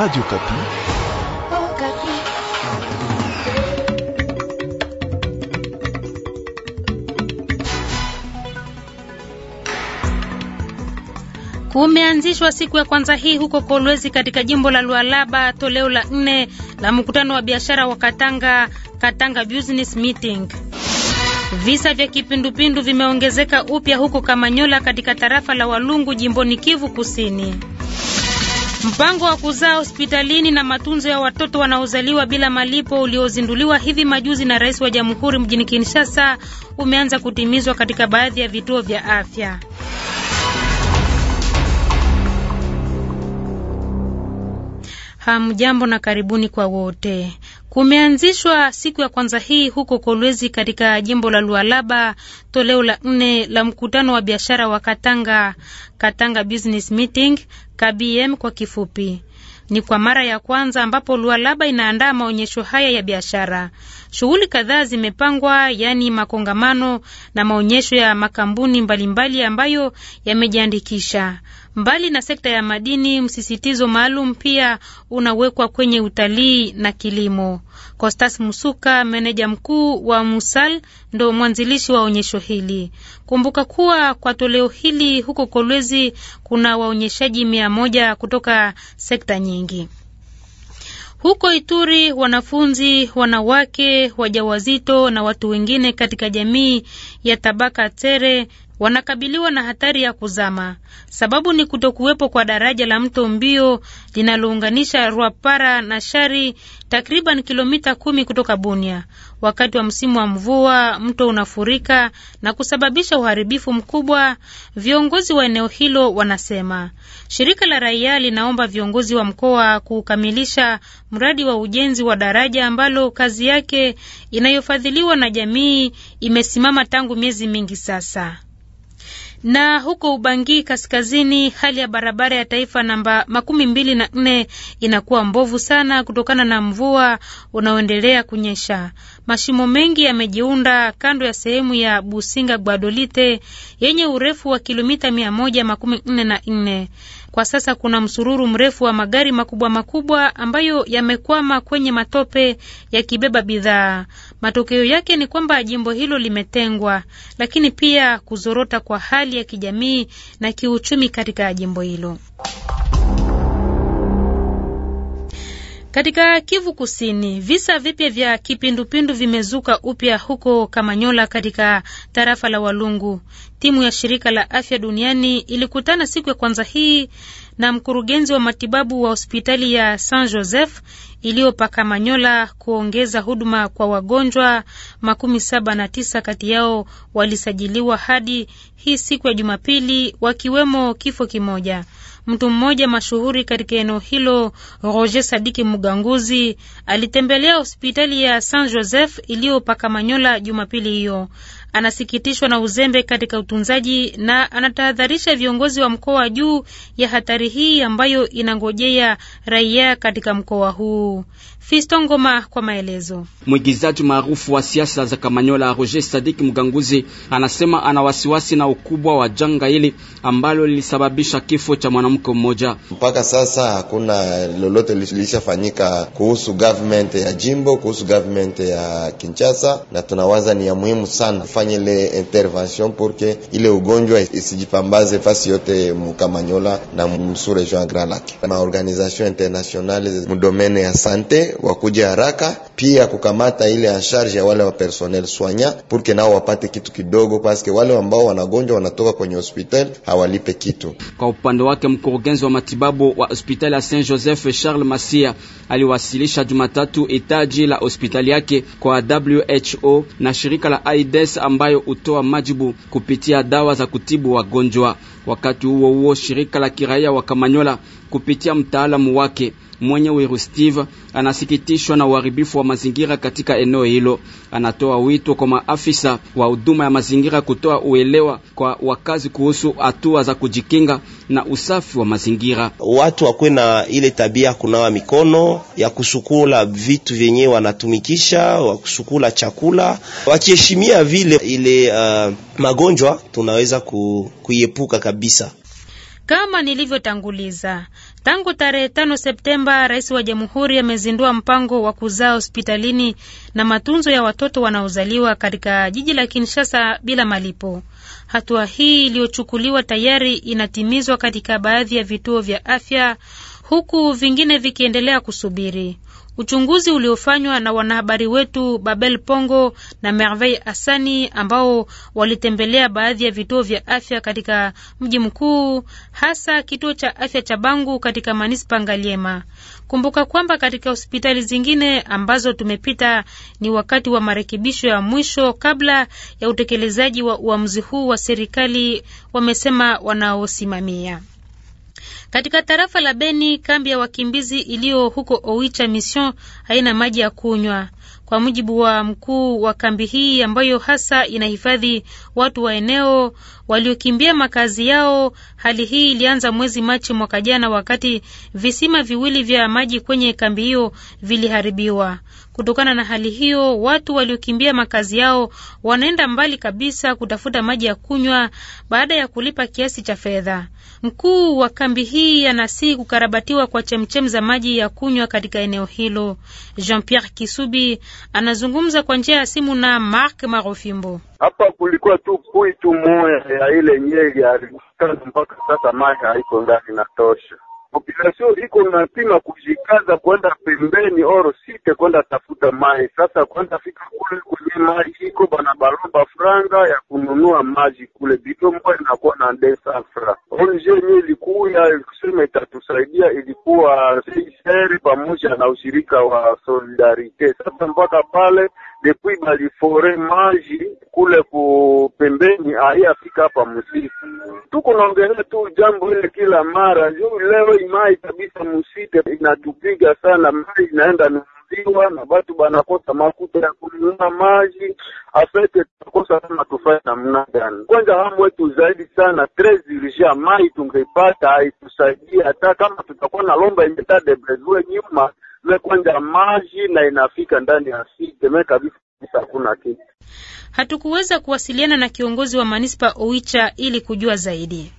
Radio Kapi. Oh, Kapi. Kumeanzishwa siku ya kwanza hii huko Kolwezi katika jimbo la Lualaba toleo la nne la mkutano wa biashara wa Katanga, Katanga Business Meeting. Visa vya kipindupindu vimeongezeka upya huko Kamanyola katika tarafa la Walungu jimboni Kivu Kusini. Mpango wa kuzaa hospitalini na matunzo ya watoto wanaozaliwa bila malipo uliozinduliwa hivi majuzi na Rais wa Jamhuri mjini Kinshasa umeanza kutimizwa katika baadhi ya vituo vya afya. Hamjambo na karibuni kwa wote. Kumeanzishwa siku ya kwanza hii huko Kolwezi katika jimbo la Lualaba toleo la nne la mkutano wa biashara wa Katanga, Katanga Business Meeting KBM kwa kifupi. Ni kwa mara ya kwanza ambapo Lualaba inaandaa maonyesho haya ya biashara. Shughuli kadhaa zimepangwa, yaani makongamano na maonyesho ya makampuni mbalimbali mbali ambayo yamejiandikisha. Mbali na sekta ya madini, msisitizo maalum pia unawekwa kwenye utalii na kilimo. Costas Musuka, meneja mkuu wa Musal, ndo mwanzilishi wa onyesho hili. Kumbuka kuwa kwa toleo hili huko Kolwezi kuna waonyeshaji mia moja kutoka sekta nyingi. Huko Ituri, wanafunzi, wanawake wajawazito na watu wengine katika jamii ya tabaka tere wanakabiliwa na hatari ya kuzama. Sababu ni kutokuwepo kwa daraja la mto Mbio linalounganisha Rwapara na Shari, takriban kilomita kumi kutoka Bunia. Wakati wa msimu wa mvua mto unafurika na kusababisha uharibifu mkubwa, viongozi wa eneo hilo wanasema. Shirika la raia linaomba viongozi wa mkoa kukamilisha mradi wa ujenzi wa daraja ambalo kazi yake inayofadhiliwa na jamii imesimama tangu miezi mingi sasa. Na huko Ubangi kaskazini, hali ya barabara ya taifa namba makumi mbili na nne inakuwa mbovu sana kutokana na mvua unaoendelea kunyesha. Mashimo mengi yamejiunda kando ya sehemu ya Businga Gwadolite yenye urefu wa kilomita mia moja makumi nne na nne. Kwa sasa kuna msururu mrefu wa magari makubwa makubwa ambayo yamekwama kwenye matope yakibeba bidhaa. Matokeo yake ni kwamba jimbo hilo limetengwa, lakini pia kuzorota kwa hali ya kijamii na kiuchumi katika jimbo hilo. Katika Kivu Kusini, visa vipya vya kipindupindu vimezuka upya huko Kamanyola katika tarafa la Walungu. Timu ya shirika la afya duniani ilikutana siku ya kwanza hii na mkurugenzi wa matibabu wa hospitali ya San Joseph iliyopaka Kamanyola kuongeza huduma kwa wagonjwa makumi saba na tisa kati yao walisajiliwa hadi hii siku ya Jumapili, wakiwemo kifo kimoja. Mtu mmoja mashuhuri katika eneo hilo, Roger Sadiki Muganguzi, alitembelea hospitali ya San Joseph iliyopaka Manyola Jumapili hiyo. Anasikitishwa na uzembe katika utunzaji na anatahadharisha viongozi wa mkoa juu ya hatari hii ambayo inangojea raia katika mkoa huu. Fisto Ngoma kwa maelezo. Mwigizaji maarufu wa siasa za Kamanyola Roger Sadik Mganguzi anasema ana wasiwasi na ukubwa wa janga hili ambalo lilisababisha kifo cha mwana mwamko mmoja. Mpaka sasa hakuna lolote lilishafanyika kuhusu government ya jimbo, kuhusu government ya Kinshasa, na tunawaza ni ya muhimu sana kufanya ile intervention porque ile ugonjwa isijipambaze fasi yote mukamanyola na msure Jean Grand Lac. organisation internationale domaine ya sante wakuja haraka pia kukamata ile en charge ya wale wa personnel soignant porque nao wapate kitu kidogo, paske wale ambao wanagonjwa wanatoka kwenye hospital hawalipe kitu. Kwa upande wake mkurugenzi wa matibabu wa hospitali ya Saint Joseph Charles Masia aliwasilisha Jumatatu itaji la hospitali yake kwa WHO na shirika la AIDS ambayo hutoa majibu kupitia dawa za kutibu wagonjwa. Wakati huo huo, shirika la kiraia wa Kamanyola kupitia mtaalamu wake mwenye wiru Steve anasikitishwa na uharibifu wa mazingira katika eneo hilo. Anatoa wito kwa maafisa wa huduma ya mazingira kutoa uelewa kwa wakazi kuhusu hatua za kujikinga na usafi wa mazingira. Watu wakuwe na ile tabia kunawa mikono, ya kusukula vitu vyenye wanatumikisha, wa kusukula chakula, wakiheshimia vile ile uh, magonjwa tunaweza ku, kuiepuka kabisa kama nilivyotanguliza Tangu tarehe tano Septemba, rais wa jamhuri amezindua mpango wa kuzaa hospitalini na matunzo ya watoto wanaozaliwa katika jiji la Kinshasa bila malipo. Hatua hii iliyochukuliwa tayari inatimizwa katika baadhi ya vituo vya afya huku vingine vikiendelea kusubiri. Uchunguzi uliofanywa na wanahabari wetu Babel Pongo na Merveille Asani ambao walitembelea baadhi ya vituo vya afya katika mji mkuu, hasa kituo cha afya cha Bangu katika manispa Ngaliema. Kumbuka kwamba katika hospitali zingine ambazo tumepita ni wakati wa marekebisho ya mwisho kabla ya utekelezaji wa uamuzi huu wa serikali, wamesema wanaosimamia. Katika tarafa la Beni, kambi ya wakimbizi iliyo huko Oicha Mission haina maji ya kunywa, kwa mujibu wa mkuu wa kambi hii ambayo hasa inahifadhi watu wa eneo waliokimbia makazi yao. Hali hii ilianza mwezi Machi mwaka jana, wakati visima viwili vya maji kwenye kambi hiyo viliharibiwa. Kutokana na hali hiyo, watu waliokimbia makazi yao wanaenda mbali kabisa kutafuta maji ya kunywa baada ya kulipa kiasi cha fedha. Mkuu wa kambi hii anasihi kukarabatiwa kwa chemchem za maji ya kunywa katika eneo hilo. Jean Pierre Kisubi anazungumza kwa njia ya simu na Mark Marofimbo. Hapa kulikuwa tu tu moya ya ile nyege alikaa mpaka sasa, maji haiko ndani na tosha. Population iko napima kujikaza kwenda pembeni oro site kwenda tafuta maji. Sasa kwenda fika kule kwenye maji iko bana balomba franga ya kununua maji kule bito moya inakuwa na ndesa fra onje yenye ilikuya kusema itatusaidia, ilikuwa seri pamoja na ushirika wa Solidarite. Sasa mpaka pale depuis balifore maji kule ku kupembeni aiyafika hapa msitu. Tuko naongelea tu jambo ile kila mara juu leo imai kabisa musite inatupiga sana, maji inaenda nunuliwa na batu banakosa makuta ya kununua maji afete, tunakosa kama tufanye namna gani? Kwanza hamu wetu zaidi sana tres urgent, mai tungeipata haitusaidia hata kama tutakuwa na lomba imetadebezwe nyuma ile kwanja maji na inafika ndani ya site kabisa, hakuna kitu. Hatukuweza kuwasiliana na kiongozi wa manispa Oicha ili kujua zaidi.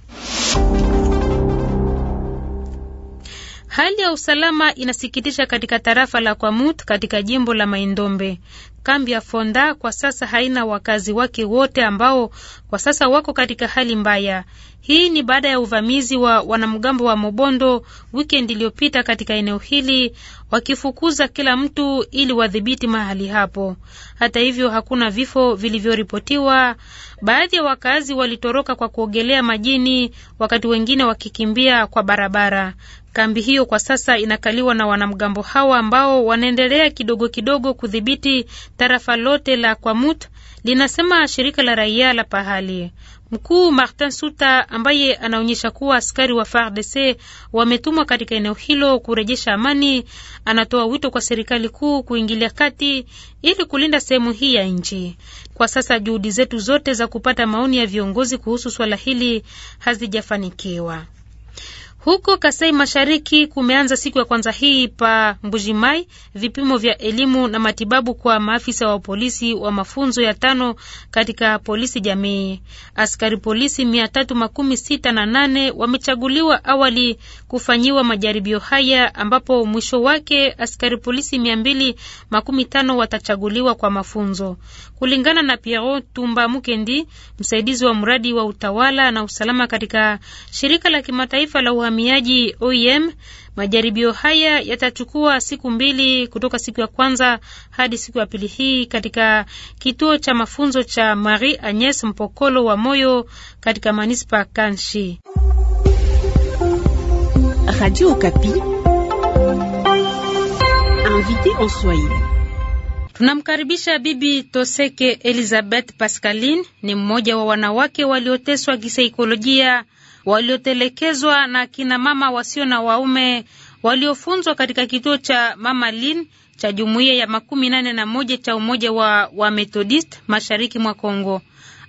Hali ya usalama inasikitisha katika tarafa la Kwamut katika jimbo la Maindombe. Kambi ya Fonda kwa sasa haina wakazi wake wote ambao kwa sasa wako katika hali mbaya. Hii ni baada ya uvamizi wa wanamgambo wa Mobondo weekend iliyopita katika eneo hili, wakifukuza kila mtu ili wadhibiti mahali hapo. Hata hivyo, hakuna vifo vilivyoripotiwa. Baadhi ya wakazi walitoroka kwa kuogelea majini, wakati wengine wakikimbia kwa barabara. Kambi hiyo kwa sasa inakaliwa na wanamgambo hawa ambao wanaendelea kidogo kidogo kudhibiti tarafa lote la Kwamut, linasema shirika la raia la pahali. Mkuu Martin Suta ambaye anaonyesha kuwa askari wa FARDC wametumwa katika eneo hilo kurejesha amani, anatoa wito kwa serikali kuu kuingilia kati ili kulinda sehemu hii ya nchi. Kwa sasa juhudi zetu zote za kupata maoni ya viongozi kuhusu swala hili hazijafanikiwa. Huko Kasai Mashariki kumeanza siku ya kwanza hii pa Mbujimai vipimo vya elimu na matibabu kwa maafisa wa polisi wa mafunzo ya tano katika polisi jamii. Askari polisi mia tatu makumi sita na nane wamechaguliwa awali kufanyiwa majaribio haya, ambapo mwisho wake askari polisi mia mbili makumi tano watachaguliwa kwa mafunzo, kulingana na Pierrot Tumba Mukendi, msaidizi wa mradi wa utawala na usalama katika shirika la kimataifa la uhamiaji OIM. E majaribio haya yatachukua siku mbili kutoka siku ya kwanza hadi siku ya pili hii katika kituo cha mafunzo cha Marie Agnes Mpokolo wa Moyo katika manispa Kanshi. Radio Swahili. Tunamkaribisha Bibi Toseke Elizabeth Pascaline, ni mmoja wa wanawake walioteswa kisaikolojia waliotelekezwa na kina mama wasio na waume waliofunzwa katika kituo cha Mama Lin cha jumuiya ya makumi nane na moja cha umoja wa Wamethodist mashariki mwa Kongo.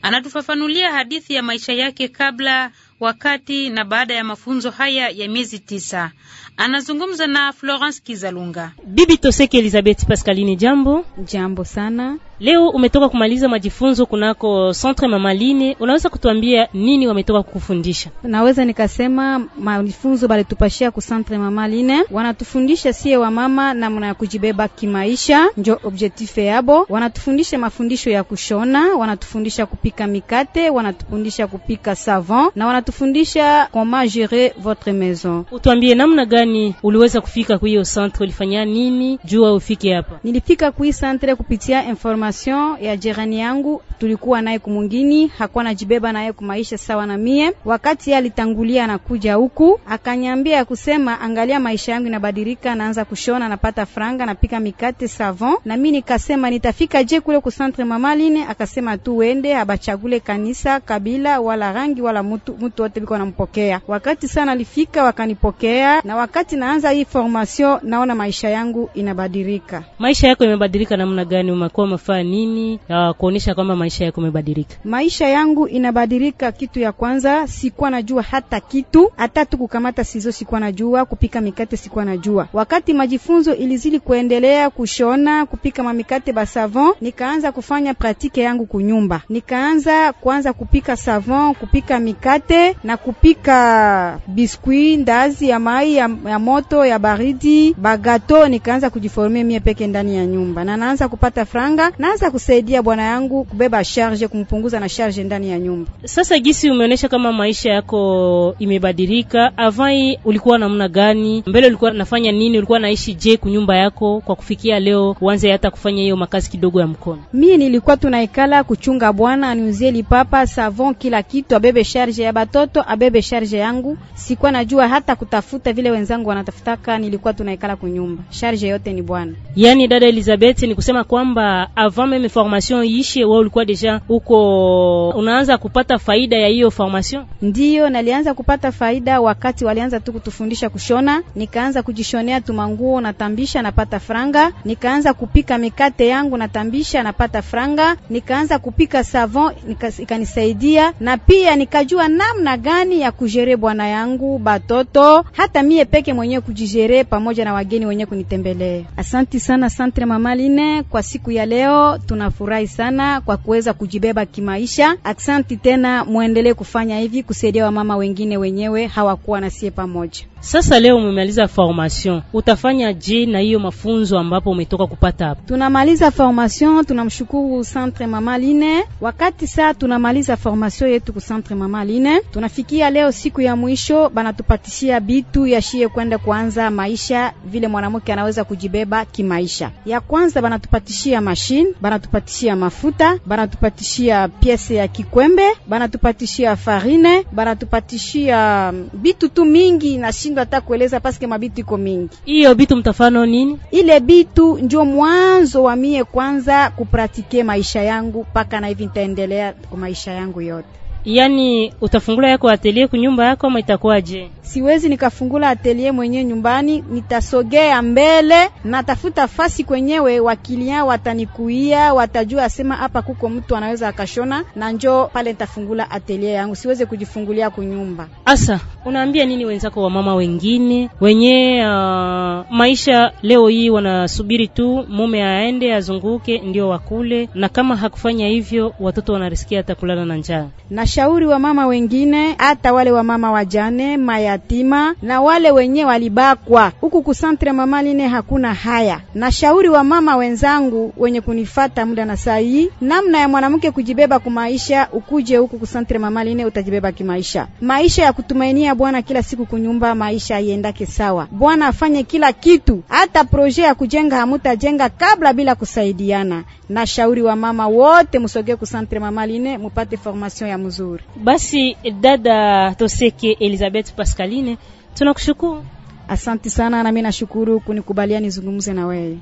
Anatufafanulia hadithi ya maisha yake kabla wakati na baada ya mafunzo haya ya miezi tisa. Anazungumza na Florence Kizalunga. Bibi Toseke Elizabeth Pascaline, jambo. Jambo sana. Leo umetoka kumaliza majifunzo kunako Centre Mamaline, unaweza kutuambia nini wametoka kukufundisha? Naweza nikasema majifunzo balitupashia ku Centre Mamaline, wanatufundisha sie wamama namna ya kujibeba kimaisha, njo objectif yabo. Wanatufundisha mafundisho ya kushona, wanatufundisha kupika mikate, wanatufundisha kupika savon na wanatufundisha Wanatufundisha comment gérer votre maison. Utwambie namna gani uliweza kufika kwa hiyo centre, ulifanya nini jua ufike hapa? Nilifika kwa hiyo centre kupitia information ya jirani yangu, tulikuwa naye kumungini, hakuwa najibeba naye kumaisha sawa na mie. Wakati yeye alitangulia anakuja huku, akanyambia ya kusema, angalia maisha yangu inabadilika, naanza kushona, napata franga, napika mikate savon, na mimi nikasema nitafika je kule ku centre mamaline? Akasema tu wende, abachagule kanisa, kabila wala rangi wala mtu mtu watu wote biko wanampokea. Wakati sana alifika wakanipokea, na wakati naanza hii formation naona maisha yangu inabadilika. Maisha yako imebadilika namna gani? Umekuwa umefanya nini uh, kuonesha kwamba maisha yako imebadilika? Maisha yangu inabadilika. Kitu ya kwanza sikuwa najua hata kitu, hata tu kukamata sizo sikuwa najua, kupika mikate sikuwa najua. Wakati majifunzo ilizili kuendelea, kushona, kupika mamikate savon, nikaanza kufanya pratike yangu kunyumba, nikaanza kuanza kupika savon, kupika mikate na kupika biskwi, ndazi ya mai ya, ya moto ya baridi, bagato. Nikaanza kujiformia mie peke ndani ya nyumba, na naanza kupata franga, naanza kusaidia bwana yangu kubeba charge, kumpunguza na charge ndani ya nyumba. Sasa gisi umeonesha kama maisha yako imebadilika. Avai ulikuwa namna gani? Mbele ulikuwa nafanya nini? Ulikuwa naishi je kunyumba yako kwa kufikia leo uanze hata kufanya hiyo makazi kidogo ya mkono? Mie nilikuwa tunaikala kuchunga bwana aniuzie lipapa, savon, kila kitu, abebe charge ya batu mtoto abebe charge yangu. Sikuwa najua hata kutafuta vile wenzangu wanatafutaka, nilikuwa tunaikala kunyumba, charge yote ni bwana. Yani dada Elizabeth, ni kusema kwamba avant meme formation iishe, wewe ulikuwa deja huko unaanza kupata faida ya hiyo formation? Ndiyo, nalianza kupata faida wakati walianza tu kutufundisha kushona, nikaanza kujishonea tumanguo, natambisha napata franga, nikaanza kupika mikate yangu, natambisha napata franga, nikaanza kupika savon ikanisaidia, na pia nikajua namna namna gani ya kujere bwana yangu batoto, hata mie peke mwenye kujijere pamoja na wageni wenye kunitembelea. Asanti sana Santre Mama Line kwa siku ya leo, tunafurahi sana kwa kuweza kujibeba kimaisha. Asanti tena, mwendelee kufanya hivi kusaidia wamama wengine wenyewe hawakuwa na sie pamoja. Sasa leo umemaliza formation, utafanya je na hiyo mafunzo ambapo umetoka kupata hapo? Tunamaliza formation, tunamshukuru Centre Mama Line. Wakati saa tunamaliza formation yetu ku Centre Mama Line, Tunafikia leo siku ya mwisho, banatupatishia bitu yashiye kwenda kuanza maisha vile mwanamke anaweza kujibeba kimaisha. Ya kwanza banatupatishia mashine, banatupatishia mafuta, banatupatishia piese ya kikwembe, banatupatishia farine, banatupatishia mm, bitu tu mingi, nashindwa hata kueleza paske mabitu iko mingi. Hiyo bitu mtafano nini? Ile bitu ndio mwanzo wa mie kwanza kupratike maisha yangu, mpaka na hivi nitaendelea kwa maisha yangu yote yani utafungula yako atelie kunyumba yako ama itakuwaje? siwezi nikafungula atelier mwenye nyumbani, nitasogea mbele na tafuta fasi kwenyewe wakilia watanikuia, watajua asema hapa kuko mtu anaweza akashona, na njo pale nitafungula atelier yangu, siweze kujifungulia kunyumba. Asa, unaambia nini wenzako wa mama wengine wenye uh, maisha leo hii wanasubiri tu mume aende azunguke ndio wakule, na kama hakufanya hivyo watoto wanarisikia hata kulala na njaa. Nashauri wa mama wengine, hata wale wa mama wajane maya yatima na wale wenye walibakwa. Huku kusantre mama line hakuna haya. Na shauri wa mama wenzangu wenye kunifata muda na saa hii, namna ya mwanamke kujibeba kumaisha, ukuje huku kusantre mama line utajibeba kimaisha, maisha ya kutumainia Bwana kila siku kunyumba, maisha iendake sawa. Bwana afanye kila kitu, hata proje ya kujenga hamutajenga kabla bila kusaidiana. Na shauri wa mama wote musogee kusantre mama line mupate formation ya mzuri. Basi dada Toseke Elizabeth Pascal Kaline, tunakushukuru. Asanti sana, nami nashukuru kunikubalia nizungumze na wewe.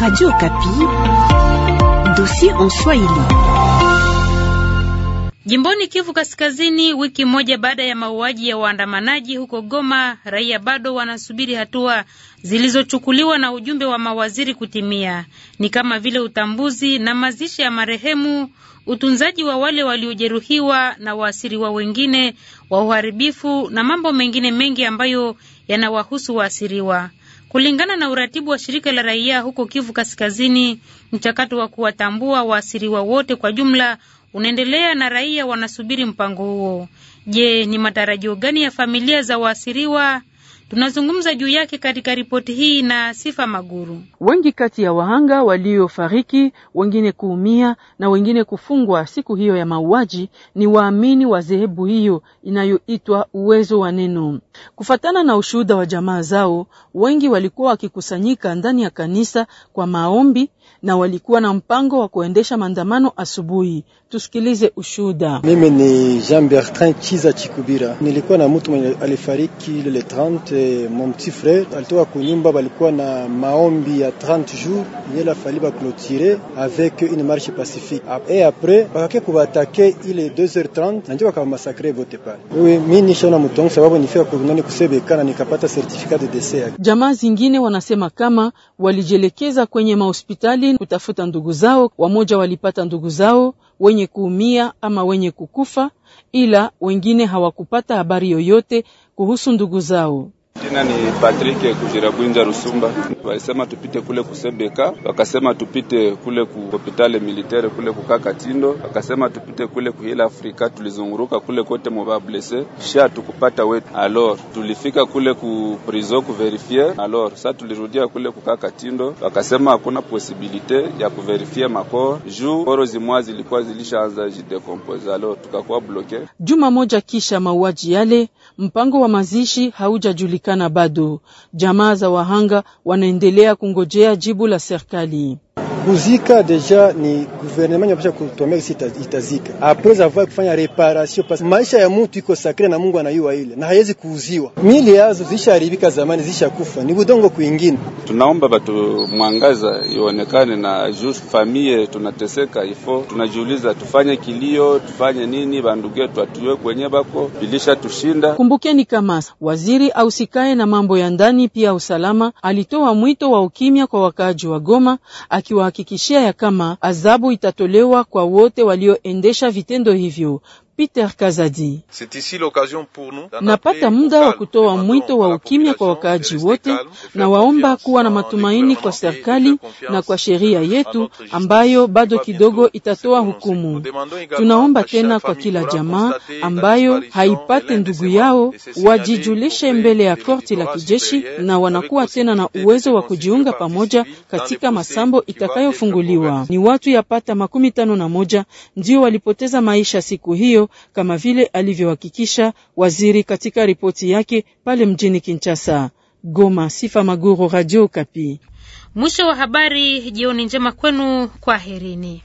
Radio Kapi, dossier en Swahili. Jimboni Kivu Kaskazini, wiki moja baada ya mauaji ya waandamanaji huko Goma, raia bado wanasubiri hatua zilizochukuliwa na ujumbe wa mawaziri kutimia, ni kama vile utambuzi na mazishi ya marehemu, utunzaji wa wale waliojeruhiwa na waasiriwa wengine wa uharibifu na mambo mengine mengi ambayo yanawahusu waasiriwa. Kulingana na uratibu wa shirika la raia huko Kivu Kaskazini, mchakato wa kuwatambua waasiriwa wote kwa jumla unaendelea na raia wanasubiri mpango huo. Je, ni matarajio gani ya familia za waasiriwa? Tunazungumza juu yake katika ripoti hii na Sifa Maguru. Wengi kati ya wahanga waliofariki, wengine kuumia na wengine kufungwa siku hiyo ya mauaji ni waamini wa dhehebu hiyo inayoitwa Uwezo wa Neno. Kufatana na ushuhuda wa jamaa zao, wengi walikuwa wakikusanyika ndani ya kanisa kwa maombi na walikuwa na mpango wa kuendesha maandamano asubuhi. Tusikilize ushuhuda. Mimi ni Jean Bertin Chiza Chikubira, nilikuwa na mtu mwenye alifariki lele 30 yule mon petit frère alitoka kunyumba, balikuwa na maombi ya 30 jours yela fali baklotire avec une marche pacifique et après bakake kubatake ile 2h30 nanje bakabamasakre vote pale. oui mimi nishona mutongo sababu nifika kunani kusebekana nikapata certificat de décès Jamaa zingine wanasema kama walijielekeza kwenye mahospitali kutafuta ndugu zao, wamoja walipata ndugu zao wenye kuumia ama wenye kukufa, ila wengine hawakupata habari yoyote kuhusu ndugu zao. Jina ni Patrick gwinja Rusumba. Walisema tupite kule kusebeka, wakasema tupite kule ku hopitale militaire kule kukaa Katindo, wakasema tupite kule kuhila Afrika. Tulizunguruka kule kote moba blesse sha tukupata wetu. Alors tulifika kule ku prison ku verifier. Alors sa tulirudia kule kukaa Katindo, wakasema hakuna posibilite ya ku verifier makoro juu koro zimwa zilikuwa zilishaanza jidekompose. Alors tukakuwa bloke. Juma moja kisha mauaji yale, mpango wa mazishi haujajulikana hazijapatikana bado. Jamaa za wahanga wanaendelea kungojea jibu la serikali kuzika deja ni guvernema inapasha kutuambia kisi itazika apres avoir kufanya reparation, pas maisha ya mtu iko sakre na Mungu anayua ile na haiwezi kuuziwa. Mili yazo zishaharibika zamani, zishakufa ni budongo kwingine. Tunaomba batu mwangaza ionekane na just famie, tunateseka ifo, tunajiuliza tufanye kilio, tufanye nini? Bandugu yetu atuwe kwenye bako bilisha tushinda. Kumbukeni kama waziri ausikae na mambo ya ndani pia usalama alitoa mwito wa ukimya kwa wakaaji wa Goma akiwa anahakikishia ya kama adhabu itatolewa kwa wote walioendesha vitendo hivyo. Peter Kazadi. Napata muda wa kutoa mwito wa ukimya kwa wakaaji wote na waomba kuwa na matumaini kwa serikali na kwa sheria yetu ambayo bado kidogo itatoa hukumu. Tunaomba tena kwa kila jamaa ambayo haipate ndugu yao wajijulishe mbele ya korti la kijeshi na wanakuwa tena na uwezo wa kujiunga pamoja katika masambo itakayofunguliwa. Ni watu yapata makumi tano na moja ndio walipoteza maisha siku hiyo kama vile alivyohakikisha waziri katika ripoti yake pale mjini Kinshasa. Goma, Sifa Maguru, Radio Kapi. Mwisho wa habari. Jioni njema kwenu, kwaherini.